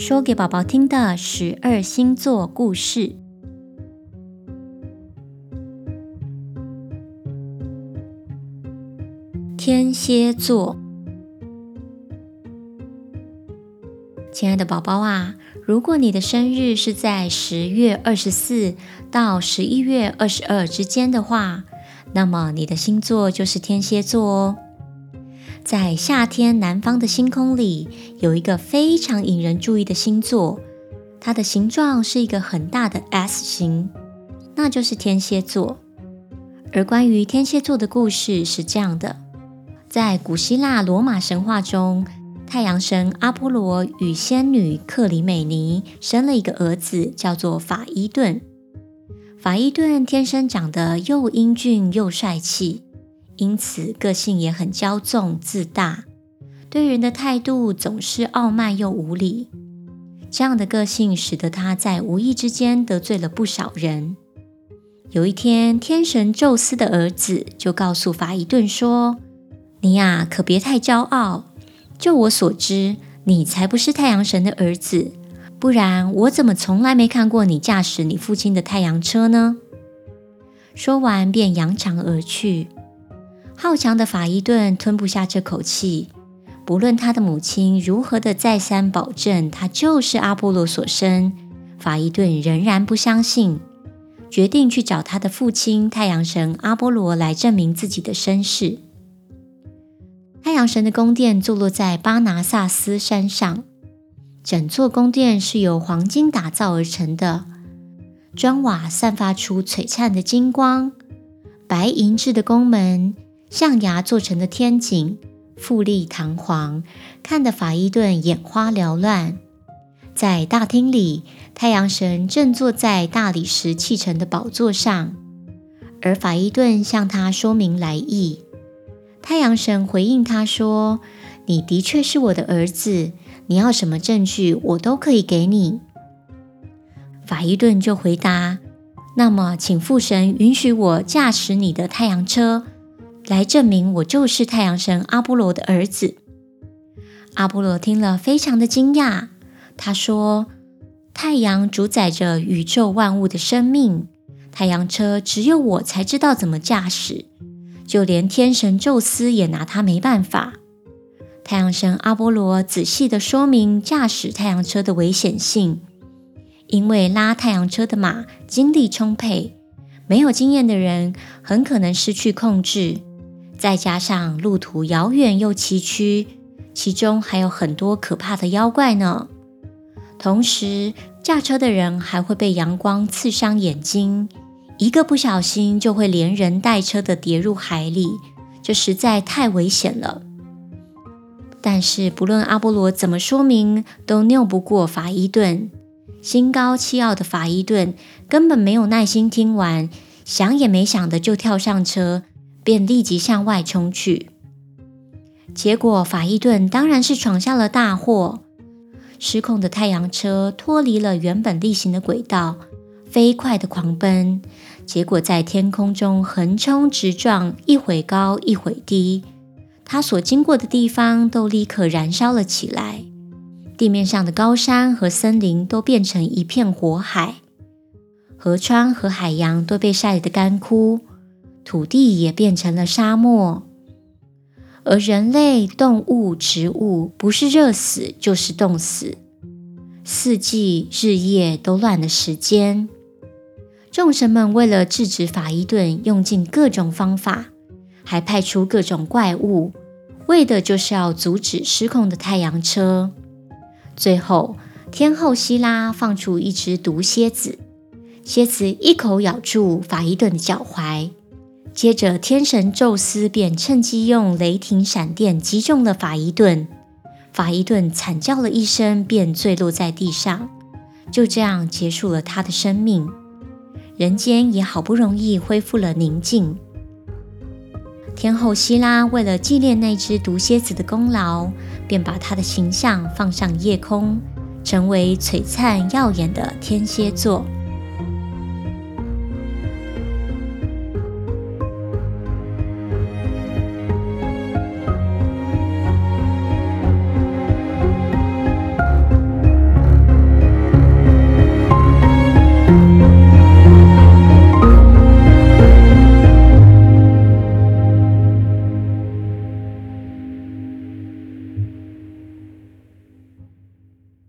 說給寶寶聽的十二星座故事。天蠍座，親愛的寶寶啊，如果你的生日是在十月二十四到十一月二十二之間的話，那麼你的星座就是天蠍座哦。在夏天，南方的星空裡有一個非常引人注意的星座，它的形狀是一個很大的 S 形，那就是天蠍座。而關於天蠍座的故事是這樣的：在古希臘羅馬神話中，太陽神阿波羅與仙女克里美妮生了一個兒子，叫做法伊頓。法伊頓天生長得又英俊又帥氣。因此，個性也很驕縱自大，對人的態度總是傲慢又無禮，這樣的個性使得他在無意之間得罪了不少人。有一天，天神宙斯的兒子就告訴法伊頓說：“你呀、啊，可別太驕傲。就我所知，你才不是太陽神的兒子，不然我怎麼從來沒看過你駕駛你父親的太陽車呢？”說完便揚長而去。好強的法伊頓吞不下這口氣，不論他的母親如何的再三保證，他就是阿波羅所生，法伊頓仍然不相信，決定去找他的父親太陽神阿波羅來證明自己的身世。太陽神的宮殿坐落在巴拿薩斯山上，整座宮殿是由黃金打造而成的，磚瓦散發出璀璨的金光，白銀製的宮門。象牙做成的天井，富麗堂皇，看得法伊頓眼花繚亂。在大廳裡，太陽神正坐在大理石砌成的寶座上，而法伊頓向他說明來意。太陽神回應他說：“你的確是我的兒子，你要什麼證據，我都可以給你。”法伊頓就回答：“那麼，請父神允許我駕駛你的太陽車。”來證明我就是太陽神阿波羅的兒子。阿波羅聽了非常的驚訝。他說：“太陽主宰着宇宙萬物的生命，太陽車只有我才知道怎麼駕駛，就連天神宙斯也拿他沒辦法。”太陽神阿波羅仔細地說明駕駛太陽車的危險性，因為拉太陽車的馬精力充沛，沒有經驗的人很可能失去控制。再加上路途遙遠又崎嶇，其中還有很多可怕的妖怪呢。同時，駕車的人還會被陽光刺傷眼睛，一個不小心就會連人帶車的跌入海裡，這實在太危險了。但是，不論阿波羅怎麼說明，都拗不過法伊頓。心高氣傲的法伊頓根本沒有耐心聽完，想也沒想的就跳上車。便立即向外衝去，結果法伊頓當然是闖下了大禍。失控的太陽車脫離了原本例行的軌道，飛快地狂奔，結果在天空中橫衝直撞，一會高，一會低，它所經過的地方都立刻燃燒了起來，地面上的高山和森林都變成一片火海，河川和海洋都被曬得乾枯。土地也變成了沙漠，而人類、動物、植物不是熱死就是凍死，四季日夜都亂了時間。眾神們為了制止法伊頓，用盡各種方法，還派出各種怪物，為的就是要阻止失控的太陽車。最後，天後希拉放出一隻毒蠍子，蠍子一口咬住法伊頓的腳踝。接着，天神宙斯便趁機用雷霆閃電擊中了法伊頓，法伊頓慘叫了一聲，便墜落在地上，就這樣結束了他的生命。人間也好不容易恢復了寧靜，天後希拉為了紀念那隻毒蠍子的功勞，便把它的形象放上夜空，成為璀璨耀眼的天蠍座。